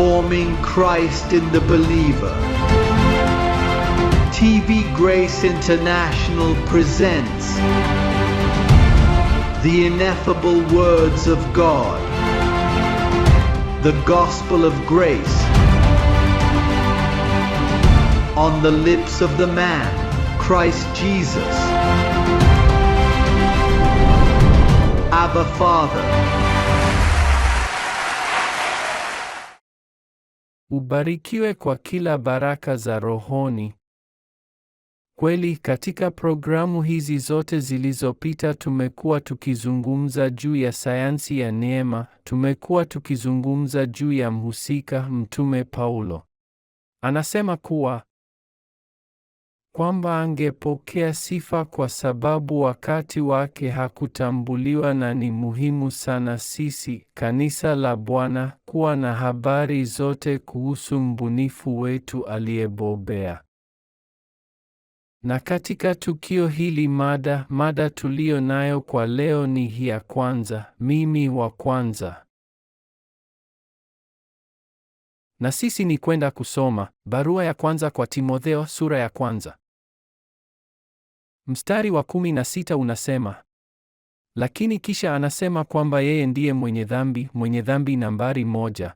forming Christ in the believer. TV Grace International presents the ineffable words of God, the gospel of grace on the lips of the man, Christ Jesus. Abba Father. Ubarikiwe kwa kila baraka za rohoni. Kweli katika programu hizi zote zilizopita tumekuwa tukizungumza juu ya sayansi ya neema, tumekuwa tukizungumza juu ya mhusika mtume Paulo. Anasema kuwa kwamba angepokea sifa kwa sababu wakati wake hakutambuliwa, na ni muhimu sana sisi, kanisa la Bwana, kuwa na habari zote kuhusu mbunifu wetu aliyebobea. Na katika tukio hili, mada mada tuliyo nayo kwa leo ni ya kwanza, mimi wa kwanza na sisi ni kwenda kusoma barua ya kwanza kwa Timotheo sura ya kwanza. Mstari wa kumi na sita unasema, lakini kisha anasema kwamba yeye ndiye mwenye dhambi, mwenye dhambi nambari moja.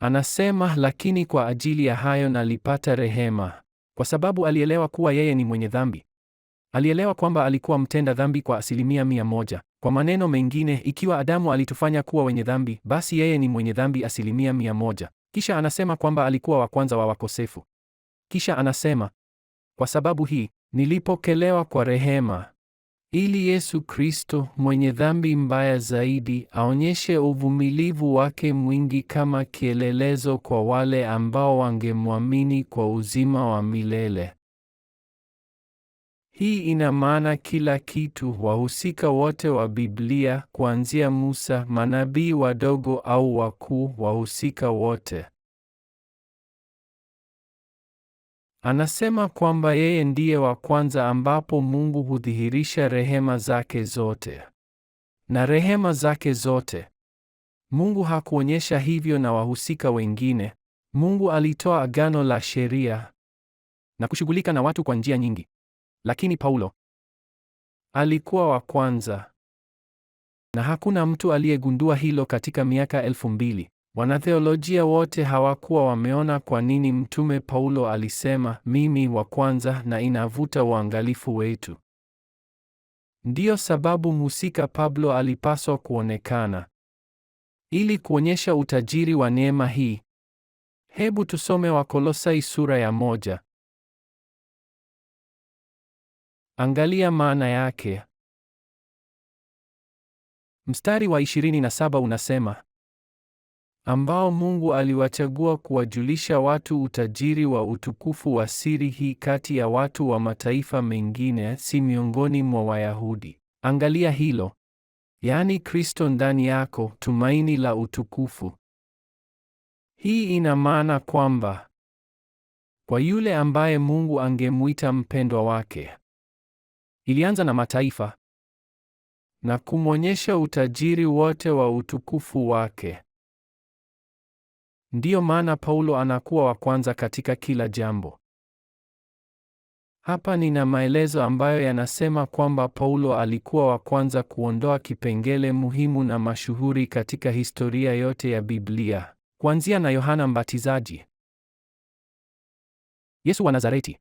Anasema lakini kwa ajili ya hayo nalipata rehema, kwa sababu alielewa kuwa yeye ni mwenye dhambi. Alielewa kwamba alikuwa mtenda dhambi kwa asilimia mia moja. Kwa maneno mengine, ikiwa Adamu alitufanya kuwa wenye dhambi, basi yeye ni mwenye dhambi asilimia mia moja. Kisha anasema kwamba alikuwa wa kwanza wa wakosefu. Kisha anasema kwa sababu hii Nilipokelewa kwa rehema ili Yesu Kristo mwenye dhambi mbaya zaidi aonyeshe uvumilivu wake mwingi kama kielelezo kwa wale ambao wangemwamini kwa uzima wa milele. Hii ina maana kila kitu: wahusika wote wa Biblia kuanzia Musa, manabii wadogo au wakuu, wahusika wote. Anasema kwamba yeye ndiye wa kwanza ambapo Mungu hudhihirisha rehema zake zote. Na rehema zake zote. Mungu hakuonyesha hivyo na wahusika wengine. Mungu alitoa agano la sheria na kushughulika na watu kwa njia nyingi. Lakini Paulo alikuwa wa kwanza. Na hakuna mtu aliyegundua hilo katika miaka elfu mbili. Wanatheolojia wote hawakuwa wameona kwa nini Mtume Paulo alisema mimi wa kwanza na inavuta uangalifu wetu. Ndiyo sababu mhusika Pablo alipaswa kuonekana ili kuonyesha utajiri wa neema hii. Hebu tusome Wakolosai sura ya moja. Angalia maana yake. Mstari wa 27 unasema ambao Mungu aliwachagua kuwajulisha watu utajiri wa utukufu wa siri hii kati ya watu wa mataifa mengine, si miongoni mwa Wayahudi. Angalia hilo, yaani Kristo ndani yako, tumaini la utukufu. Hii ina maana kwamba kwa yule ambaye Mungu angemwita mpendwa wake, ilianza na mataifa na kumwonyesha utajiri wote wa utukufu wake. Ndiyo maana Paulo anakuwa wa kwanza katika kila jambo. Hapa nina maelezo ambayo yanasema kwamba Paulo alikuwa wa kwanza kuondoa kipengele muhimu na mashuhuri katika historia yote ya Biblia, kuanzia na Yohana Mbatizaji, Yesu wa Nazareti,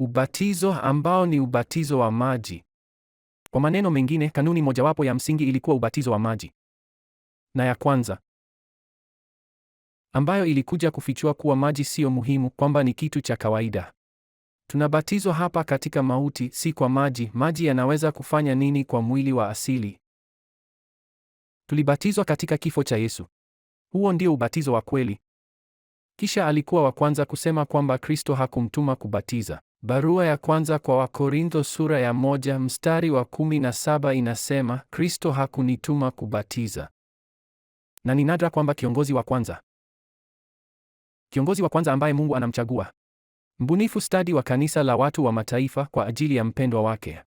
ubatizo ambao ni ubatizo wa maji. Kwa maneno mengine, kanuni mojawapo ya msingi ilikuwa ubatizo wa maji, na ya kwanza ambayo ilikuja kufichua kuwa maji siyo muhimu, kwamba ni kitu cha kawaida. Tunabatizwa hapa katika mauti, si kwa maji. Maji yanaweza kufanya nini kwa mwili wa asili? Tulibatizwa katika kifo cha Yesu. Huo ndio ubatizo wa kweli. Kisha alikuwa wa kwanza kusema kwamba Kristo hakumtuma kubatiza. Barua ya kwanza kwa Wakorintho sura ya moja mstari wa kumi na saba inasema Kristo hakunituma kubatiza, na ni nadra kwamba kiongozi wa kwanza Kiongozi wa kwanza ambaye Mungu anamchagua. Mbunifu stadi wa kanisa la watu wa mataifa kwa ajili ya mpendwa wake.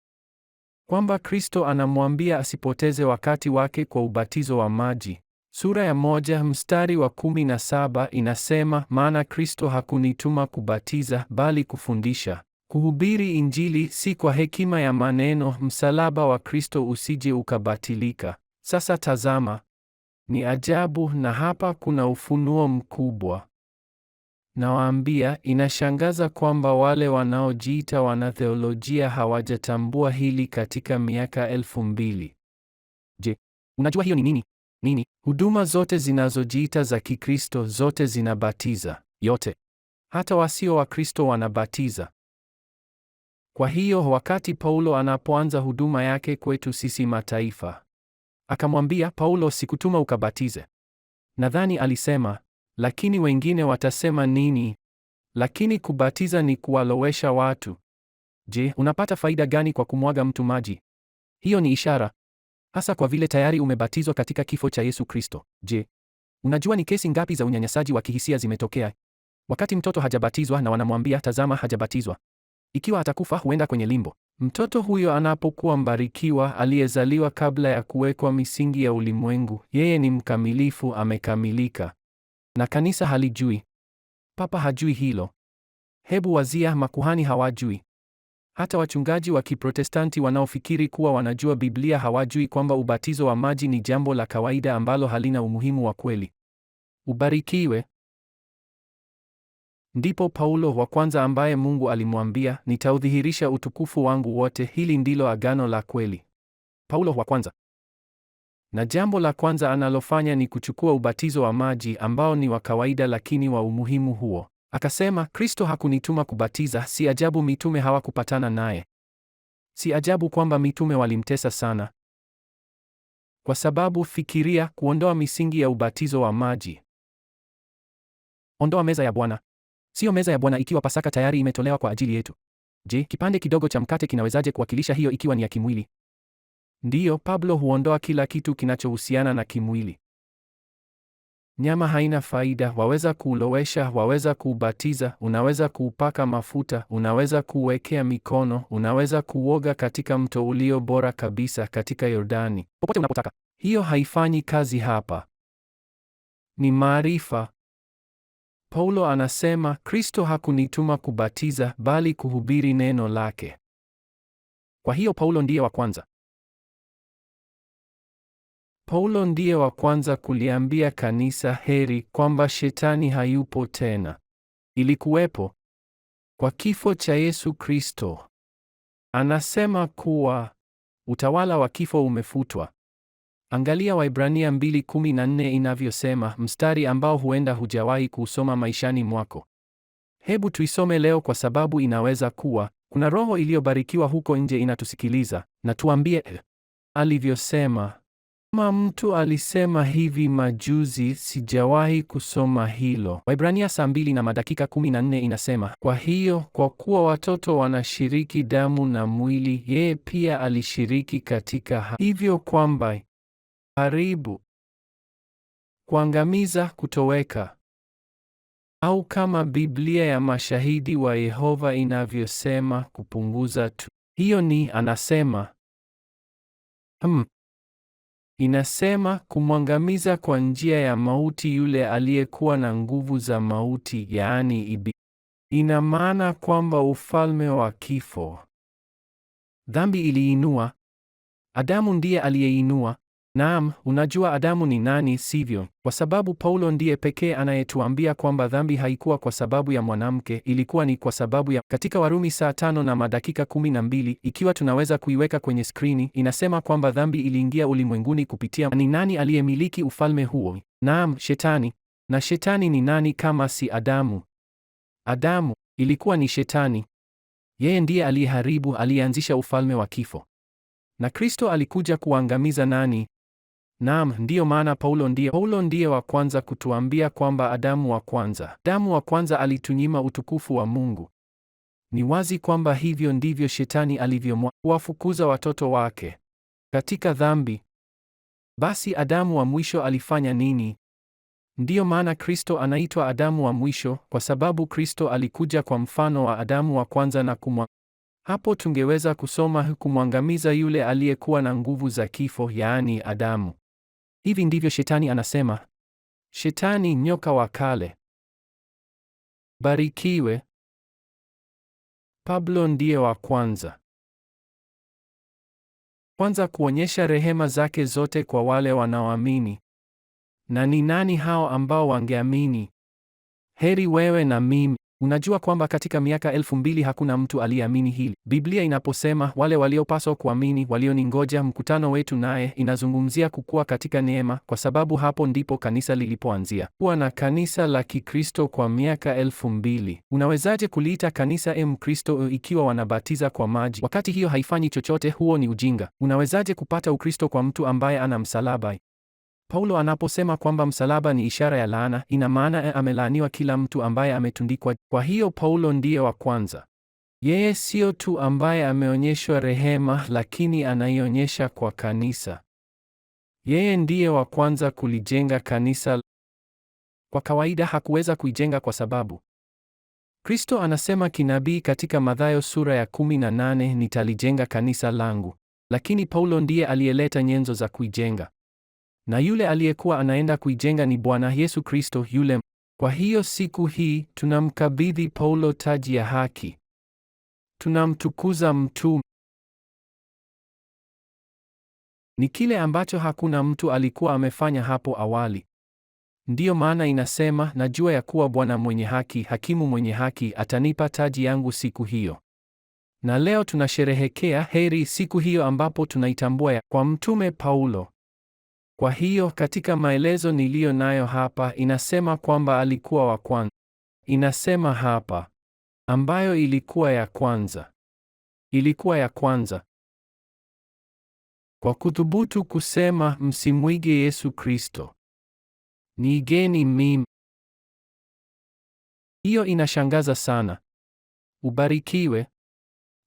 Kwamba Kristo anamwambia asipoteze wakati wake kwa ubatizo wa maji. Sura ya moja mstari wa kumi na saba inasema, maana Kristo hakunituma kubatiza bali kufundisha, kuhubiri Injili, si kwa hekima ya maneno, msalaba wa Kristo usije ukabatilika. Sasa tazama, ni ajabu, na hapa kuna ufunuo mkubwa. Nawaambia, inashangaza kwamba wale wanaojiita wanatheolojia hawajatambua hili katika miaka elfu mbili. Je, unajua hiyo ni nini? Nini? Huduma zote zinazojiita za Kikristo zote zinabatiza, yote. Hata wasio Wakristo wanabatiza. Kwa hiyo wakati Paulo anapoanza huduma yake kwetu sisi mataifa, akamwambia Paulo, sikutuma ukabatize. Nadhani alisema lakini wengine watasema nini? Lakini kubatiza ni kuwalowesha watu. Je, unapata faida gani kwa kumwaga mtu maji? Hiyo ni ishara, hasa kwa vile tayari umebatizwa katika kifo cha Yesu Kristo. Je, unajua ni kesi ngapi za unyanyasaji wa kihisia zimetokea wakati mtoto hajabatizwa na wanamwambia tazama, hajabatizwa, ikiwa atakufa huenda kwenye limbo? Mtoto huyo anapokuwa mbarikiwa, aliyezaliwa kabla ya kuwekwa misingi ya ulimwengu, yeye ni mkamilifu, amekamilika. Na kanisa halijui. Papa hajui hilo. Hebu wazia, makuhani hawajui. Hata wachungaji wa Kiprotestanti wanaofikiri kuwa wanajua Biblia hawajui kwamba ubatizo wa maji ni jambo la kawaida ambalo halina umuhimu wa kweli. Ubarikiwe. Ndipo Paulo wa kwanza ambaye Mungu alimwambia, nitaudhihirisha utukufu wangu wote, hili ndilo agano la kweli. Paulo wa kwanza na jambo la kwanza analofanya ni kuchukua ubatizo wa maji ambao ni wa kawaida lakini wa umuhimu huo. Akasema, Kristo hakunituma kubatiza, si ajabu mitume hawakupatana naye. Si ajabu kwamba mitume walimtesa sana. Kwa sababu fikiria kuondoa misingi ya ubatizo wa maji. Ondoa meza ya Bwana. Siyo meza ya Bwana ikiwa Pasaka tayari imetolewa kwa ajili yetu. Je, kipande kidogo cha mkate kinawezaje kuwakilisha hiyo ikiwa ni ya kimwili? Ndiyo, Pablo huondoa kila kitu kinachohusiana na kimwili. Nyama haina faida, waweza kuulowesha, waweza kuubatiza, unaweza kuupaka mafuta, unaweza kuuwekea mikono, unaweza kuuoga katika mto ulio bora kabisa katika Yordani, popote unapotaka. Hiyo haifanyi kazi hapa. Ni maarifa. Paulo anasema Kristo hakunituma kubatiza bali kuhubiri neno lake. Kwa hiyo Paulo ndiye wa kwanza. Paulo ndiye wa kwanza kuliambia kanisa heri kwamba shetani hayupo tena. Ilikuwepo kwa kifo cha Yesu Kristo. Anasema kuwa utawala wa kifo umefutwa. Angalia Waibrania 2:14 inavyosema, mstari ambao huenda hujawahi kusoma maishani mwako. Hebu tuisome leo kwa sababu inaweza kuwa kuna roho iliyobarikiwa huko nje inatusikiliza na tuambie eh, alivyosema kama mtu alisema hivi majuzi, sijawahi kusoma hilo. Waibrania saa mbili na madakika kumi na nne inasema, kwa hiyo kwa kuwa watoto wanashiriki damu na mwili, yeye pia alishiriki katika hivyo, kwamba haribu, kuangamiza, kutoweka, au kama Biblia ya Mashahidi wa Yehova inavyosema, kupunguza tu. Hiyo ni anasema hmm. Inasema kumwangamiza kwa njia ya mauti yule aliyekuwa na nguvu za mauti, yaani ibi. Ina maana kwamba ufalme wa kifo. Dhambi iliinua, Adamu ndiye aliyeinua Naam, unajua Adamu ni nani, sivyo? Kwa sababu Paulo ndiye pekee anayetuambia kwamba dhambi haikuwa kwa sababu ya mwanamke, ilikuwa ni kwa sababu ya. Katika Warumi saa tano na madakika kumi na mbili, ikiwa tunaweza kuiweka kwenye skrini, inasema kwamba dhambi iliingia ulimwenguni kupitia. Ni nani aliyemiliki ufalme huo? Naam, Shetani. Na Shetani ni nani kama si Adamu? Adamu ilikuwa ni Shetani. Yeye ndiye aliyeharibu, aliyeanzisha ufalme wa kifo. Na Kristo alikuja kuangamiza nani? Naam, ndiyo maana Paulo ndiye Paulo ndiye wa kwanza kutuambia kwamba Adamu wa kwanza, Adamu wa kwanza alitunyima utukufu wa Mungu. Ni wazi kwamba hivyo ndivyo shetani alivyowafukuza watoto wake katika dhambi. Basi Adamu wa mwisho alifanya nini? Ndiyo maana Kristo anaitwa Adamu wa mwisho kwa sababu Kristo alikuja kwa mfano wa Adamu wa kwanza na kumwa. Hapo tungeweza kusoma kumwangamiza yule aliyekuwa na nguvu za kifo, yaani Adamu. Hivi ndivyo shetani anasema. Shetani, nyoka wa kale. Barikiwe. Pablo ndiye wa kwanza kwanza kuonyesha rehema zake zote kwa wale wanaoamini. Na ni nani hao ambao wangeamini? Heri wewe na mimi. Unajua kwamba katika miaka elfu mbili hakuna mtu aliyeamini hili. Biblia inaposema wale waliopaswa kuamini walioningoja mkutano wetu naye, inazungumzia kukua katika neema, kwa sababu hapo ndipo kanisa lilipoanzia. Kuwa na kanisa la Kikristo kwa miaka elfu mbili unawezaje kuliita kanisa M Kristo e, ikiwa wanabatiza kwa maji wakati hiyo haifanyi chochote? Huo ni ujinga. Unawezaje kupata Ukristo kwa mtu ambaye ana msalaba? Paulo anaposema kwamba msalaba ni ishara ya laana, ina maana amelaaniwa kila mtu ambaye ametundikwa. Kwa hiyo Paulo ndiye wa kwanza. Yeye sio tu ambaye ameonyeshwa rehema, lakini anaionyesha kwa kanisa. Yeye ndiye wa kwanza kulijenga kanisa. Kwa kawaida hakuweza kuijenga kwa sababu Kristo anasema kinabii katika Mathayo sura ya 18, nitalijenga kanisa langu. Lakini Paulo ndiye aliyeleta nyenzo za kuijenga na yule aliyekuwa anaenda kuijenga ni Bwana Yesu Kristo yule. Kwa hiyo siku hii tunamkabidhi Paulo taji ya haki, tunamtukuza mtu. Ni kile ambacho hakuna mtu alikuwa amefanya hapo awali. Ndiyo maana inasema, najua ya kuwa Bwana mwenye haki, hakimu mwenye haki, atanipa taji yangu siku hiyo. Na leo tunasherehekea heri siku hiyo ambapo tunaitambua ya kwa mtume Paulo kwa hiyo katika maelezo niliyo nayo hapa inasema kwamba alikuwa wa kwanza. Inasema hapa ambayo ilikuwa ya kwanza. Ilikuwa ya kwanza. Kwa kuthubutu kusema msimwige Yesu Kristo. Niigeni mimi. Hiyo inashangaza sana. Ubarikiwe.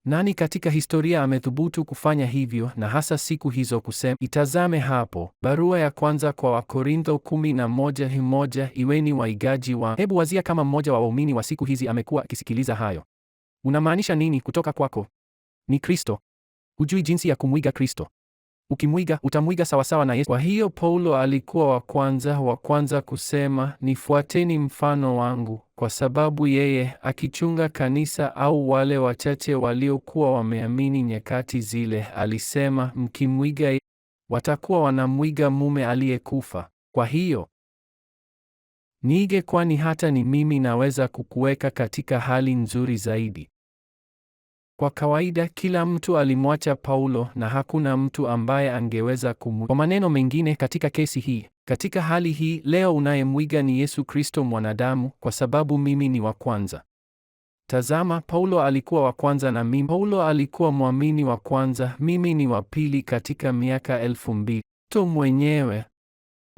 Nani katika historia amethubutu kufanya hivyo na hasa siku hizo kusema, itazame hapo, barua ya kwanza kwa Wakorintho 11:1 eh, iweni waigaji wa. Hebu wazia kama mmoja wa waumini wa siku hizi amekuwa akisikiliza hayo. Unamaanisha nini kutoka kwako? Ni Kristo. Hujui jinsi ya kumwiga Kristo ukimwiga utamwiga sawasawa na Yesu. Kwa hiyo Paulo alikuwa wa kwanza wa kwanza kusema, nifuateni mfano wangu, kwa sababu yeye akichunga kanisa au wale wachache waliokuwa wameamini nyakati zile, alisema, mkimwiga watakuwa wanamwiga mume aliyekufa. Kwa hiyo niige, kwani hata ni mimi naweza kukuweka katika hali nzuri zaidi. Kwa kawaida kila mtu alimwacha Paulo na hakuna mtu ambaye angeweza kumu. Kwa maneno mengine, katika kesi hii, katika hali hii, leo unayemwiga ni Yesu Kristo mwanadamu, kwa sababu mimi ni wa kwanza. Tazama, Paulo alikuwa wa kwanza na mimi. Paulo alikuwa mwamini wa kwanza, mimi ni wa pili katika miaka elfu mbili to mwenyewe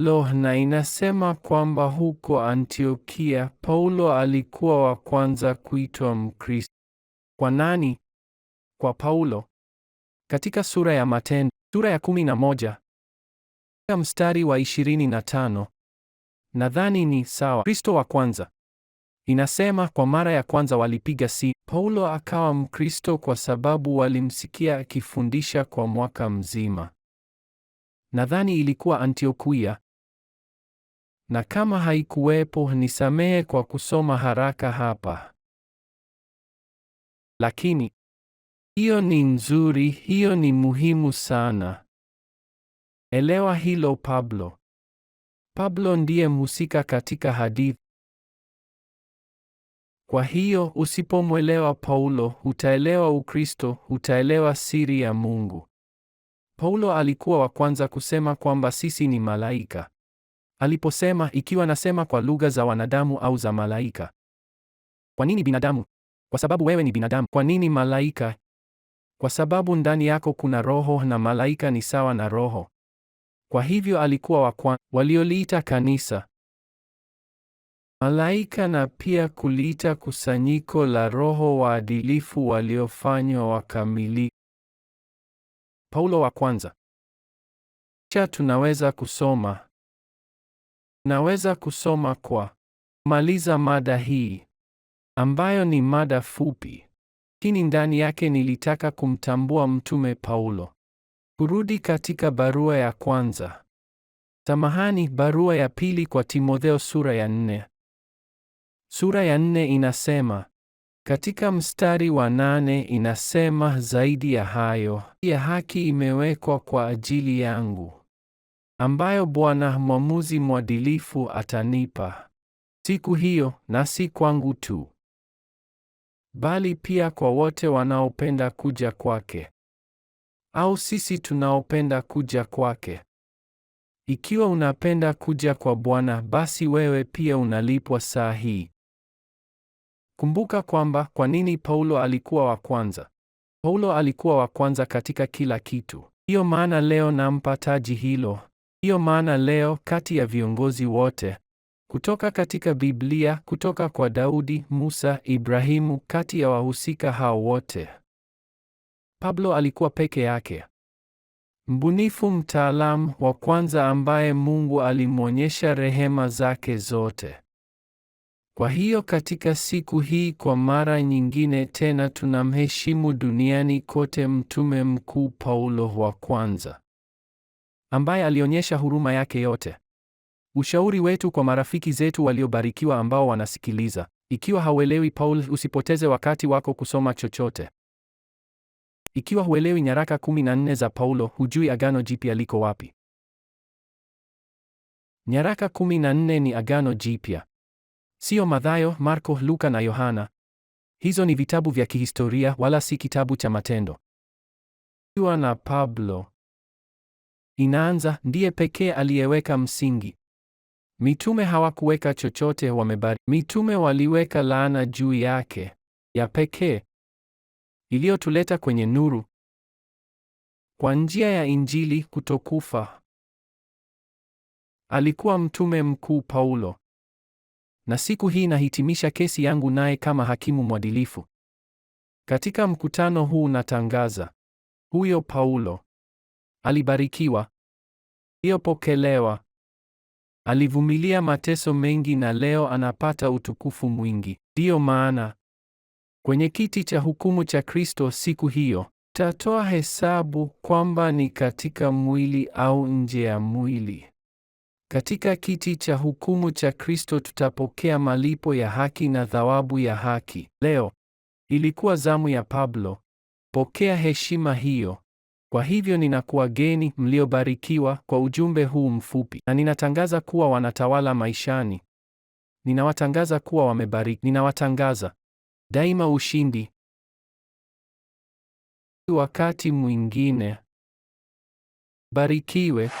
Lo, na inasema kwamba huko Antiokia Paulo alikuwa wa kwanza kuitwa Mkristo. Kwa nani? kwa Paulo katika sura ya Matendo sura ya 11 mstari wa 25. Nadhani ni sawa. Kristo wa kwanza. Inasema kwa mara ya kwanza walipiga si Paulo akawa Mkristo kwa sababu walimsikia akifundisha kwa mwaka mzima. Nadhani ilikuwa Antiokia. Na kama haikuwepo nisamehe kwa kusoma haraka hapa. Lakini hiyo ni nzuri, hiyo ni muhimu sana. Elewa hilo Pablo. Pablo ndiye mhusika katika hadithi. Kwa hiyo usipomwelewa Paulo, utaelewa Ukristo, utaelewa siri ya Mungu. Paulo alikuwa wa kwanza kusema kwamba sisi ni malaika. Aliposema ikiwa nasema kwa lugha za wanadamu au za malaika. Kwa nini binadamu? Kwa sababu wewe ni binadamu. Kwa nini malaika? Kwa sababu ndani yako kuna roho na malaika ni sawa na roho. Kwa hivyo alikuwa wa kwanza walioliita kanisa malaika na pia kuliita kusanyiko la roho waadilifu waliofanywa wakamili. Paulo wa kwanza. Cha tunaweza kusoma tunaweza kusoma kwa maliza mada hii ambayo ni mada fupi lakini ndani yake nilitaka kumtambua Mtume Paulo. Kurudi katika barua ya kwanza. Samahani, barua ya pili kwa Timotheo sura ya nne. Sura ya nne inasema katika mstari wa nane inasema, zaidi ya hayo ya haki imewekwa kwa ajili yangu, ambayo Bwana mwamuzi mwadilifu atanipa siku hiyo, na si kwangu tu, bali pia kwa wote wanaopenda kuja kwake, au sisi tunaopenda kuja kwake. Ikiwa unapenda kuja kwa Bwana, basi wewe pia unalipwa saa hii. Kumbuka kwamba kwa nini Paulo alikuwa wa kwanza? Paulo alikuwa wa kwanza katika kila kitu. Hiyo maana leo nampa taji hilo. Hiyo maana leo kati ya viongozi wote kutoka katika Biblia, kutoka kwa Daudi, Musa, Ibrahimu, kati ya wahusika hao wote. Pablo alikuwa peke yake. Mbunifu mtaalamu wa kwanza ambaye Mungu alimwonyesha rehema zake zote. Kwa hiyo katika siku hii kwa mara nyingine tena tunamheshimu duniani kote mtume mkuu Paulo wa kwanza ambaye alionyesha huruma yake yote. Ushauri wetu kwa marafiki zetu waliobarikiwa ambao wanasikiliza, ikiwa hauelewi Paul, usipoteze wakati wako kusoma chochote. Ikiwa huelewi nyaraka 14 za Paulo, hujui Agano Jipya liko wapi. Nyaraka 14 ni Agano Jipya. Sio Mathayo, Marko, Luka na Yohana. Hizo ni vitabu vya kihistoria wala si kitabu cha Matendo. Iwa na Pablo inaanza, ndiye pekee aliyeweka msingi. Mitume hawakuweka chochote wamebari. Mitume waliweka laana juu yake ya pekee iliyotuleta kwenye nuru kwa njia ya injili kutokufa. Alikuwa mtume mkuu Paulo, na siku hii nahitimisha kesi yangu naye kama hakimu mwadilifu. Katika mkutano huu natangaza, huyo Paulo alibarikiwa, aliyopokelewa Alivumilia mateso mengi na leo anapata utukufu mwingi. Ndiyo maana kwenye kiti cha hukumu cha Kristo siku hiyo tatoa hesabu kwamba ni katika mwili au nje ya mwili. Katika kiti cha hukumu cha Kristo tutapokea malipo ya haki na thawabu ya haki. Leo ilikuwa zamu ya Pablo. Pokea heshima hiyo. Kwa hivyo ninakuwa geni mliobarikiwa kwa ujumbe huu mfupi, na ninatangaza kuwa wanatawala maishani. Ninawatangaza kuwa wamebariki. Ninawatangaza daima ushindi. Wakati mwingine, barikiwe.